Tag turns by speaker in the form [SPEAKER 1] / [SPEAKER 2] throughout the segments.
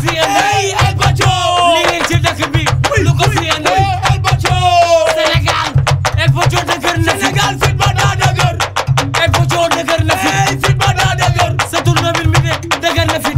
[SPEAKER 1] fi indi. hey El Bacho. liggéey ci dëkk bi. lu ko fi indi. hey El Bacho. Sénégal. El Bacho dëgër na. Sénégal fit ba daa dëgër. El Bacho dëgër na fit. hey eh, fit ba daa mi de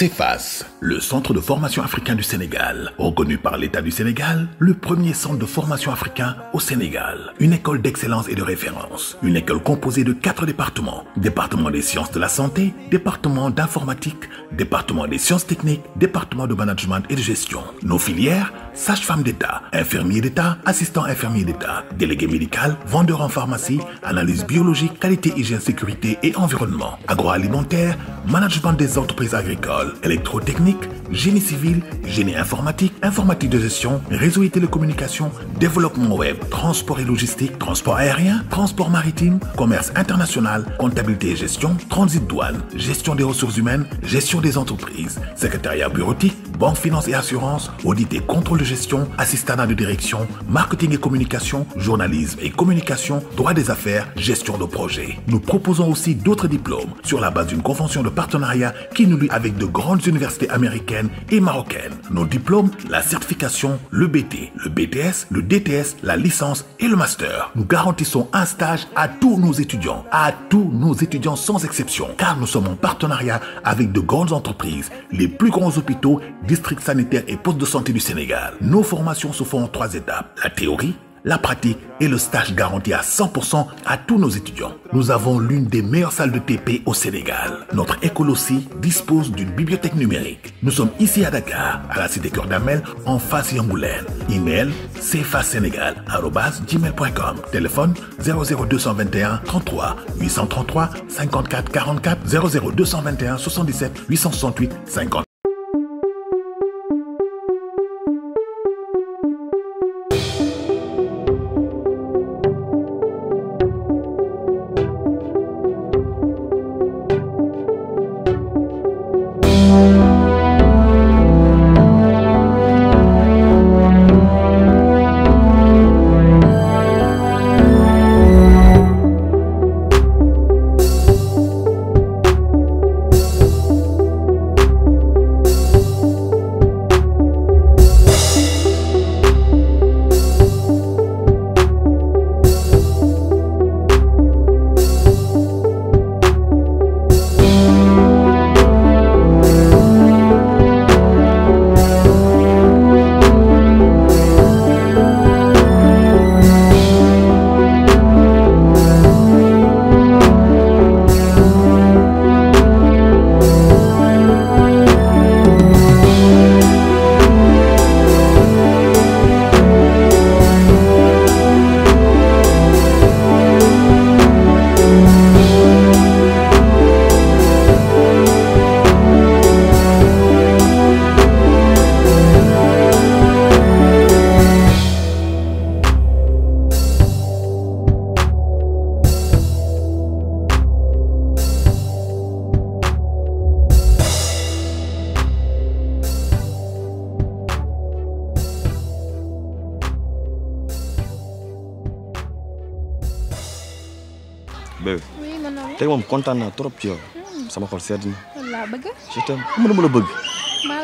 [SPEAKER 2] CEFAS, le centre de formation africain du Sénégal, reconnu par l'État du Sénégal, le premier centre de formation africain au Sénégal, une école d'excellence et de référence, une école composée de quatre départements, département des sciences de la santé, département d'informatique, département des sciences techniques, département de management et de gestion. Nos filières sage-femme d'État, infirmier d'État, assistant infirmier d'État, délégué médical, vendeur en pharmacie, analyse biologique, qualité, hygiène, sécurité et environnement, agroalimentaire, management des entreprises agricoles, électrotechnique, génie civil, génie informatique, informatique de gestion, réseau et télécommunications, développement web, transport et logistique, transport aérien, transport maritime, commerce international, comptabilité et gestion, transit douane, gestion des ressources humaines, gestion des entreprises, secrétariat bureautique, banque finance et assurance, audit et contrôle de gestion, assistant de direction, marketing et communication, journalisme et communication, droit des affaires, gestion de projet. Nous proposons aussi d'autres diplômes sur la base d'une convention de partenariat qui nous lie avec de grandes universités américaines et marocaines. Nos diplômes, la certification, le BT, le BTS, le DTS, la licence et le master. Nous garantissons un stage à tous nos étudiants, à tous nos étudiants sans exception, car nous sommes en partenariat avec de grandes entreprises, les plus grands hôpitaux, districts sanitaires et postes de santé du Sénégal. Nos formations se font en trois étapes. La théorie, la pratique et le stage garanti à 100% à tous nos étudiants. Nous avons l'une des meilleures salles de TP au Sénégal. Notre école aussi dispose d'une bibliothèque numérique. Nous sommes ici à Dakar, à la cité Cœur d'Amel, en face Yangoulène. Email cfasénégal.com. Téléphone 00221 33 833 54 44 00221 77 868 50.
[SPEAKER 1] bébé tey moom kontaan naa trop ci yow. Hmm. sama xol sedd na. wallaa bëgg. je t'aime ma la bëgg.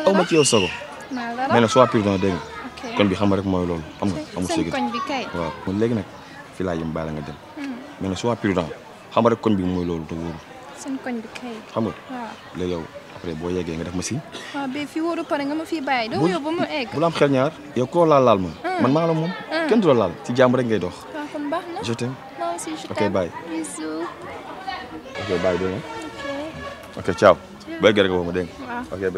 [SPEAKER 1] aw ma ci yow sago. mais nag sois prudent dégg nga. bi xam nga rek mooy loolu. am nga amul seen koñ bi kay. waaw kon léegi nag fii laa yëm baala nga dem. Hmm. mais nag sois prudent xam nga rek koñ bi mooy loolu te wóorul. xam nga waaw léegi yow après boo yeggee nga def ma si. waaw ba fii bu la xel ñaar yow koo laal ma. Hmm. man maa la moom. kenn du laal ci jàmm rek ngay dox. waaw aussi, je okay, bye. Bisous. Ok, bye. Dulu. Ok. Ok, ciao. Ciao. gara-gara kamu, Oke, okay,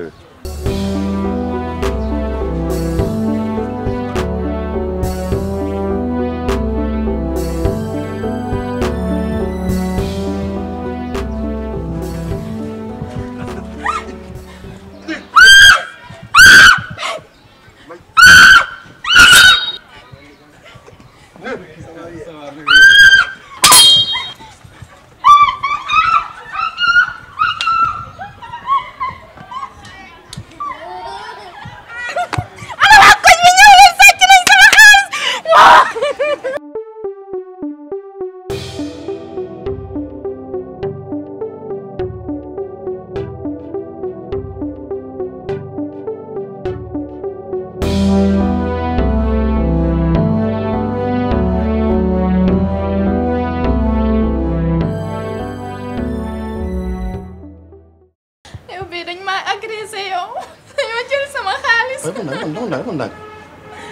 [SPEAKER 1] agressé yow dañoo jël sama xaalis. waaye kon nag kon nag kon nag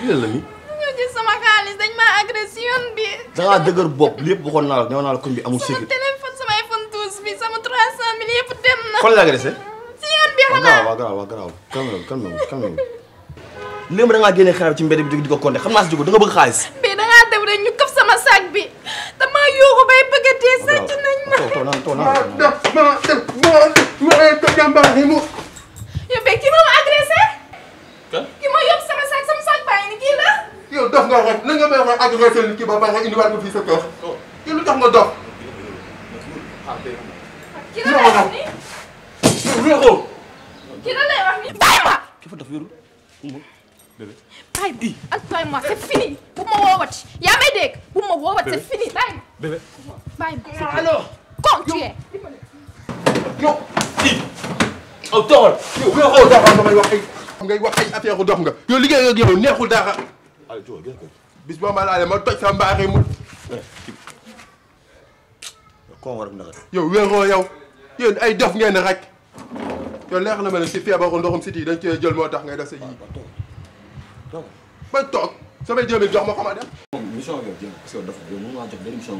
[SPEAKER 1] lii la nii. sama khalis, dañ maa agressé bi. da ngaa bob, bopp lépp waxoon naa la nee naa bi sama telepon, sama iPhone 12 bi sama 300 mille yëpp dem na. kon la agressé. si yoon bi xanaa waaw garaaw waaw garaaw calme wu calme wu calme wu. léegi da ngaa génne xaaral ci mbedd bi di ko compter xam sama sac bi kau, yuuxu bay bëgg a dee sàcc nañ ma. ki ma ma agressé. kan ki ma yóbbu sama saak sama saak bàyyi ni kii la.
[SPEAKER 2] yow dof nga rek nan nga may wax agressé ni kii ba pare indiwaat ko fii sa kër. Oh. yow lu tax nga dof.
[SPEAKER 1] ki la lay wax ni yow ki la lay wax ni. bàyyi ma ki fa dof yorul kumba bébé. bàyyi bi ak bàyyi ma c'est fini bu ma woowati yaa may dégg bu ma woowati c'est fini bàyyi. bébé bàyyi ma allo. kon tu es. yow
[SPEAKER 2] kii. aw toxal yow aw doxal damay wax ay ngay wax ay affaire dox nga yow liggéey ak yow neexul dara bis boo ma laalee ma toj sa mbaaxee mu kon war na yow wéeroo yow yéen ay dof ngeen rek yow leex na ma ne si feebaru ndoxum sit yi dañ cee jël moo tax ngay def sa ji ba toog samay jëmi jox ma xama dem mission yow jëm parce que dafa jox mënu maa jox benn mission